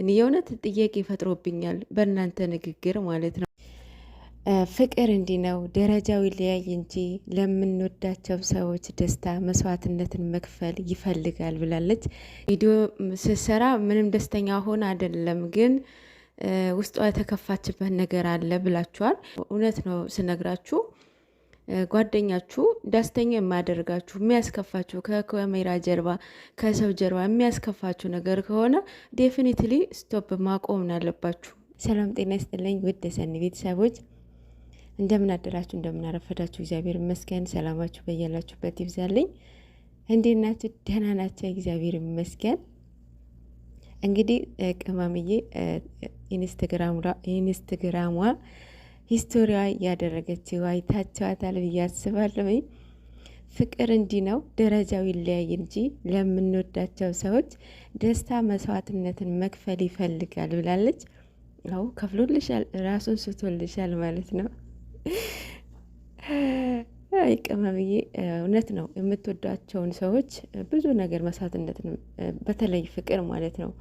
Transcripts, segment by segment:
እኔ የእውነት ጥያቄ ፈጥሮብኛል በእናንተ ንግግር ማለት ነው። ፍቅር እንዲህ ነው፣ ደረጃው ይለያይ እንጂ ለምንወዳቸው ሰዎች ደስታ መስዋዕትነትን መክፈል ይፈልጋል ብላለች። ቪዲዮ ስሰራ ምንም ደስተኛ ሆነ አይደለም ግን ውስጧ የተከፋችበት ነገር አለ ብላችኋል። እውነት ነው ስነግራችሁ ጓደኛችሁ ደስተኛ የማያደርጋችሁ የሚያስከፋችሁ ከካሜራ ጀርባ ከሰው ጀርባ የሚያስከፋችሁ ነገር ከሆነ ዴፊኒትሊ ስቶፕ ማቆም አለባችሁ። ሰላም ጤና ይስጥልኝ ውድ የሰኒ ቤተሰቦች እንደምን አደራችሁ፣ እንደምን አረፈዳችሁ። እግዚአብሔር ይመስገን። ሰላማችሁ በያላችሁበት ይብዛልኝ። እንዴት ናችሁ? ደህና ናቸው። እግዚአብሔር ይመስገን። እንግዲህ ቅመምዬ ኢንስትግራሟ ሂስቶሪዋ ያደረገችው አይታችኋታል ብዬ አስባለሁኝ። ፍቅር እንዲህ ነው። ደረጃው ይለያይ እንጂ ለምንወዳቸው ሰዎች ደስታ መስዋዕትነትን መክፈል ይፈልጋል ብላለች። አዎ ከፍሎልሻል፣ ራሱን ስቶልሻል ማለት ነው። ይቅመብዬ እውነት ነው። የምትወዷቸውን ሰዎች ብዙ ነገር መስዋዕትነትን፣ በተለይ ፍቅር ማለት ነው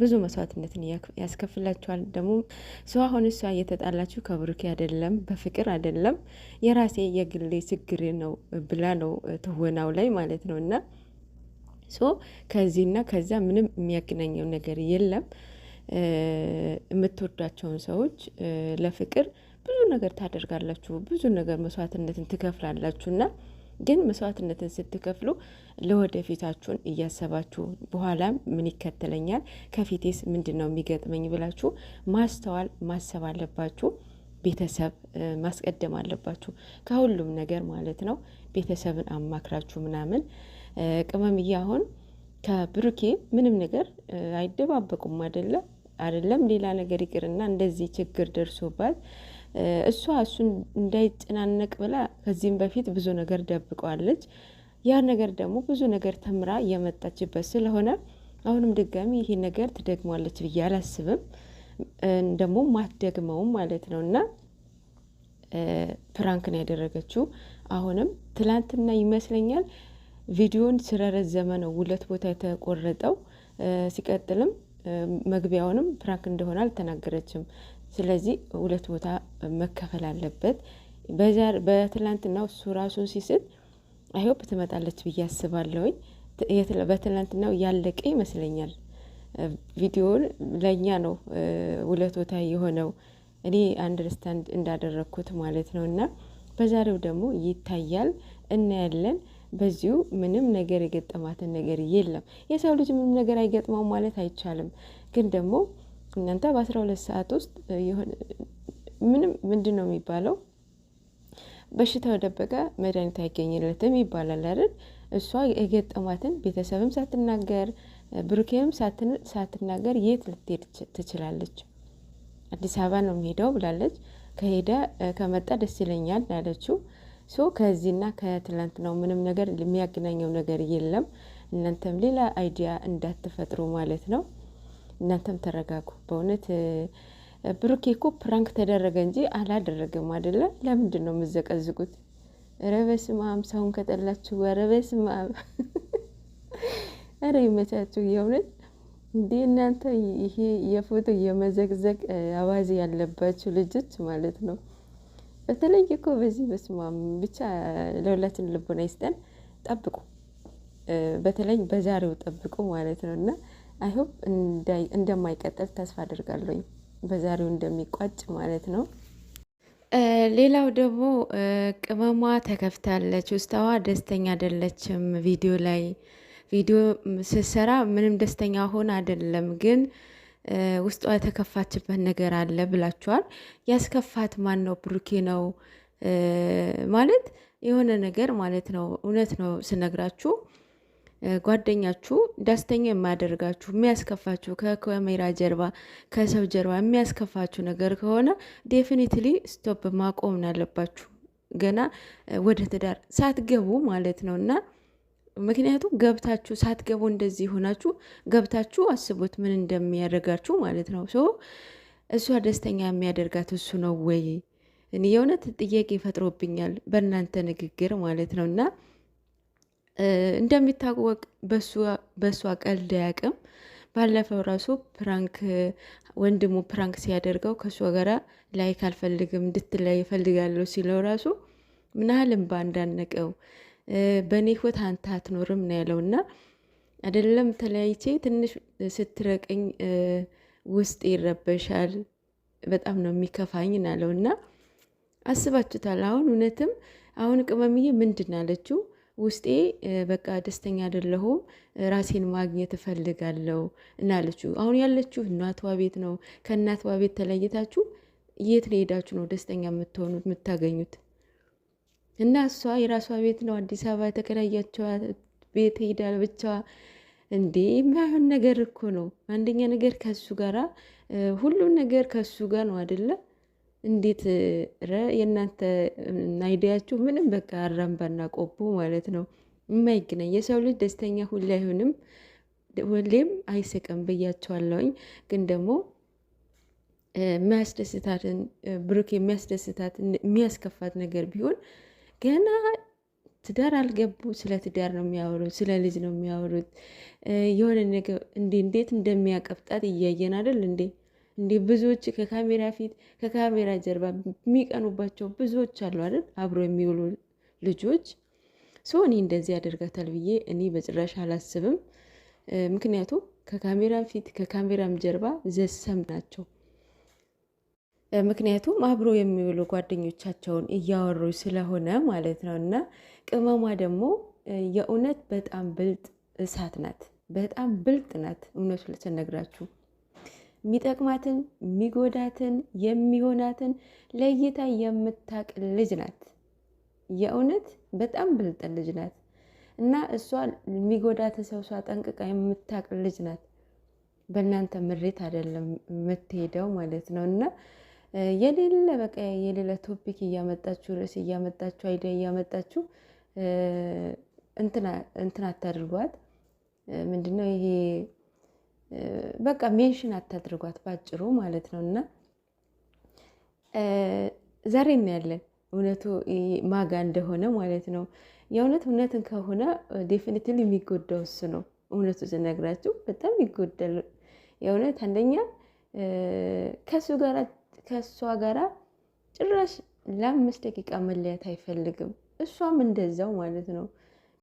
ብዙ መስዋዕትነትን ያስከፍላችኋል። ደግሞ ሰው አሁን እሷ እየተጣላችሁ ከብሩኬ አይደለም በፍቅር አይደለም የራሴ የግሌ ችግር ነው ብላ ነው ትወናው ላይ ማለት ነው እና ሶ ከዚህና ከዚያ ምንም የሚያገናኘው ነገር የለም። የምትወዳቸውን ሰዎች ለፍቅር ብዙ ነገር ታደርጋላችሁ፣ ብዙ ነገር መስዋዕትነትን ትከፍላላችሁና ግን መስዋዕትነትን ስትከፍሉ ለወደፊታችሁን እያሰባችሁ በኋላም ምን ይከተለኛል፣ ከፊቴስ ምንድን ነው የሚገጥመኝ ብላችሁ ማስተዋል ማሰብ አለባችሁ። ቤተሰብ ማስቀደም አለባችሁ ከሁሉም ነገር ማለት ነው። ቤተሰብን አማክራችሁ ምናምን ቅመምዬ አሁን ከብሩኬ ምንም ነገር አይደባበቁም። አይደለም አይደለም ሌላ ነገር ይቅርና እንደዚህ ችግር ደርሶባት እሷ እሱን እንዳይጨናነቅ ብላ ከዚህም በፊት ብዙ ነገር ደብቀዋለች። ያ ነገር ደግሞ ብዙ ነገር ተምራ የመጣችበት ስለሆነ አሁንም ድጋሚ ይሄ ነገር ትደግሟለች ብዬ አላስብም። ደግሞ ማትደግመውም ማለት ነው እና ፕራንክን ያደረገችው አሁንም ትላንትና ይመስለኛል ቪዲዮን ስለረዘመ ነው ሁለት ቦታ የተቆረጠው። ሲቀጥልም መግቢያውንም ፕራንክ እንደሆነ አልተናገረችም። ስለዚህ ሁለት ቦታ መከፈል አለበት። በትላንትናው እሱ ራሱን ሲስት አይሆፕ ትመጣለች ብዬ አስባለሁኝ። በትላንትናው ያለቀ ይመስለኛል። ቪዲዮውን ለእኛ ነው ውለቶታ የሆነው እኔ አንደርስታንድ እንዳደረግኩት ማለት ነው። እና በዛሬው ደግሞ ይታያል፣ እናያለን። በዚሁ ምንም ነገር የገጠማትን ነገር የለም። የሰው ልጅ ምንም ነገር አይገጥመው ማለት አይቻልም። ግን ደግሞ እናንተ በአስራ ሁለት ሰዓት ውስጥ ምንም ምንድን ነው የሚባለው በሽታው ደበቀ መድኃኒት አይገኝለትም ይባላል አይደል? እሷ የገጠማትን ቤተሰብም ሳትናገር ብሩኬንም ሳትናገር የት ልትሄድ ትችላለች? አዲስ አበባ ነው የሚሄደው ብላለች። ከሄደ ከመጣ ደስ ይለኛል ያለችው ሶ ከዚህና ከትላንት ነው። ምንም ነገር የሚያገናኘው ነገር የለም። እናንተም ሌላ አይዲያ እንዳትፈጥሩ ማለት ነው። እናንተም ተረጋጉ በእውነት ብሩኬ እኮ ፕራንክ ተደረገ እንጂ አላደረገም አይደለ? ለምንድን ነው የምዘቀዝቁት? ኧረ በስመ አብ ሰውን ከጠላችሁ፣ ኧረ በስመ አብ ኧረ ይመቻችሁ። የእውነት እንዴ እናንተ ይሄ የፎቶ የመዘግዘግ አባዜ ያለባችሁ ልጆች ማለት ነው። በተለይ እኮ በዚህ በስመ አብ ብቻ ለሁላችን ልቦና ይስጠን። ጠብቁ፣ በተለይ በዛሬው ጠብቁ ማለት ነው እና አይሆፕ እንደማይቀጥል ተስፋ አድርጋለሁኝ። በዛሬው እንደሚቋጭ ማለት ነው። ሌላው ደግሞ ቅመሟ ተከፍታለች። ውስጣዋ ደስተኛ አይደለችም። ቪዲዮ ላይ ቪዲዮ ስትሰራ ምንም ደስተኛ ሆን አይደለም፣ ግን ውስጧ የተከፋችበት ነገር አለ ብላችኋል። ያስከፋት ማን ነው? ብሩኬ ነው ማለት የሆነ ነገር ማለት ነው። እውነት ነው ስነግራችሁ ጓደኛችሁ ደስተኛ የማያደርጋችሁ የሚያስከፋችሁ፣ ከካሜራ ጀርባ ከሰው ጀርባ የሚያስከፋችሁ ነገር ከሆነ ዴፊኒትሊ ስቶፕ ማቆም አለባችሁ። ገና ወደ ትዳር ሳትገቡ ማለት ነው እና ምክንያቱም ገብታችሁ ሳትገቡ እንደዚህ ሆናችሁ ገብታችሁ አስቡት ምን እንደሚያደርጋችሁ ማለት ነው። እሷ ደስተኛ የሚያደርጋት እሱ ነው ወይ? የእውነት ጥያቄ ፈጥሮብኛል በእናንተ ንግግር ማለት ነው እና እንደሚታወቅ በእሷ ቀልድ አያውቅም። ባለፈው ራሱ ፕራንክ ወንድሙ ፕራንክ ሲያደርገው ከእሷ ጋራ ላይክ አልፈልግም እንድትለይ እፈልጋለሁ ሲለው ራሱ ምናህልም ባንዳነቀው በእኔ ህይወት አንተ አትኖርም ነው ያለው። እና አይደለም ተለያይቼ ትንሽ ስትረቀኝ ውስጥ ይረበሻል፣ በጣም ነው የሚከፋኝ ናለው። እና አስባችሁታል። አሁን እውነትም አሁን ቅመምዬ ምንድን አለችው? ውስጤ በቃ ደስተኛ አይደለሁም፣ ራሴን ማግኘት እፈልጋለሁ እናለችው። አሁን ያለችው እናቷ ቤት ነው። ከእናቷ ቤት ተለይታችሁ የት ሄዳችሁ ነው ደስተኛ የምትሆኑ የምታገኙት? እና እሷ የራሷ ቤት ነው አዲስ አበባ የተከራያቸው ቤት ሄዳል ብቻ እንዴ የማይሆን ነገር እኮ ነው። አንደኛ ነገር ከሱ ጋራ ሁሉም ነገር ከሱ ጋር ነው አይደለም። እንዴት ረ የእናንተ አይዲያችሁ ምንም በቃ አራምባና ቆቦ ማለት ነው የማይገናኝ የሰው ልጅ ደስተኛ ሁሌ አይሆንም፣ ሁሌም አይስቅም ብያቸዋለውኝ። ግን ደግሞ የሚያስደስታትን ብሩክ የሚያስደስታት የሚያስከፋት ነገር ቢሆን ገና ትዳር አልገቡ ስለ ትዳር ነው የሚያወሩት፣ ስለ ልጅ ነው የሚያወሩት። የሆነ ነገር እንዴት እንደሚያቀብጣት እያየን አይደል እንዴ? እንዲህ ብዙዎች ከካሜራ ፊት ከካሜራ ጀርባ የሚቀኑባቸው ብዙዎች አሉ አይደል? አብሮ የሚውሉ ልጆች ሶ እኔ እንደዚህ ያደርጋታል ብዬ እኔ በጭራሽ አላስብም። ምክንያቱም ከካሜራም ፊት ከካሜራም ጀርባ ዘሰም ናቸው። ምክንያቱም አብሮ የሚውሉ ጓደኞቻቸውን እያወሩ ስለሆነ ማለት ነው። እና ቅመሟ ደግሞ የእውነት በጣም ብልጥ እሳት ናት። በጣም ብልጥ ናት። እውነቱ ልትነግራችሁ የሚጠቅማትን የሚጎዳትን የሚሆናትን ለይታ የምታቅ ልጅ ናት። የእውነት በጣም ብልጥ ልጅ ናት እና እሷ የሚጎዳትን ሰው እሷ ጠንቅቃ የምታቅ ልጅ ናት። በእናንተ ምሬት አይደለም የምትሄደው ማለት ነው እና የሌለ በቃ የሌለ ቶፒክ እያመጣችሁ ርዕስ እያመጣችሁ አይዲያ እያመጣችሁ እንትን አታድርጓት። ምንድነው ይሄ? በቃ ሜንሽን አታድርጓት ባጭሩ ማለት ነው። እና ዛሬ እናያለን እውነቱ ማጋ እንደሆነ ማለት ነው። የእውነት እውነትን ከሆነ ዴፊኒትሊ የሚጎዳው እሱ ነው። እውነቱ ስነግራችሁ በጣም ይጎዳል። የእውነት አንደኛ ከእሷ ጋራ ጭራሽ ለአምስት ደቂቃ መለያት አይፈልግም። እሷም እንደዛው ማለት ነው።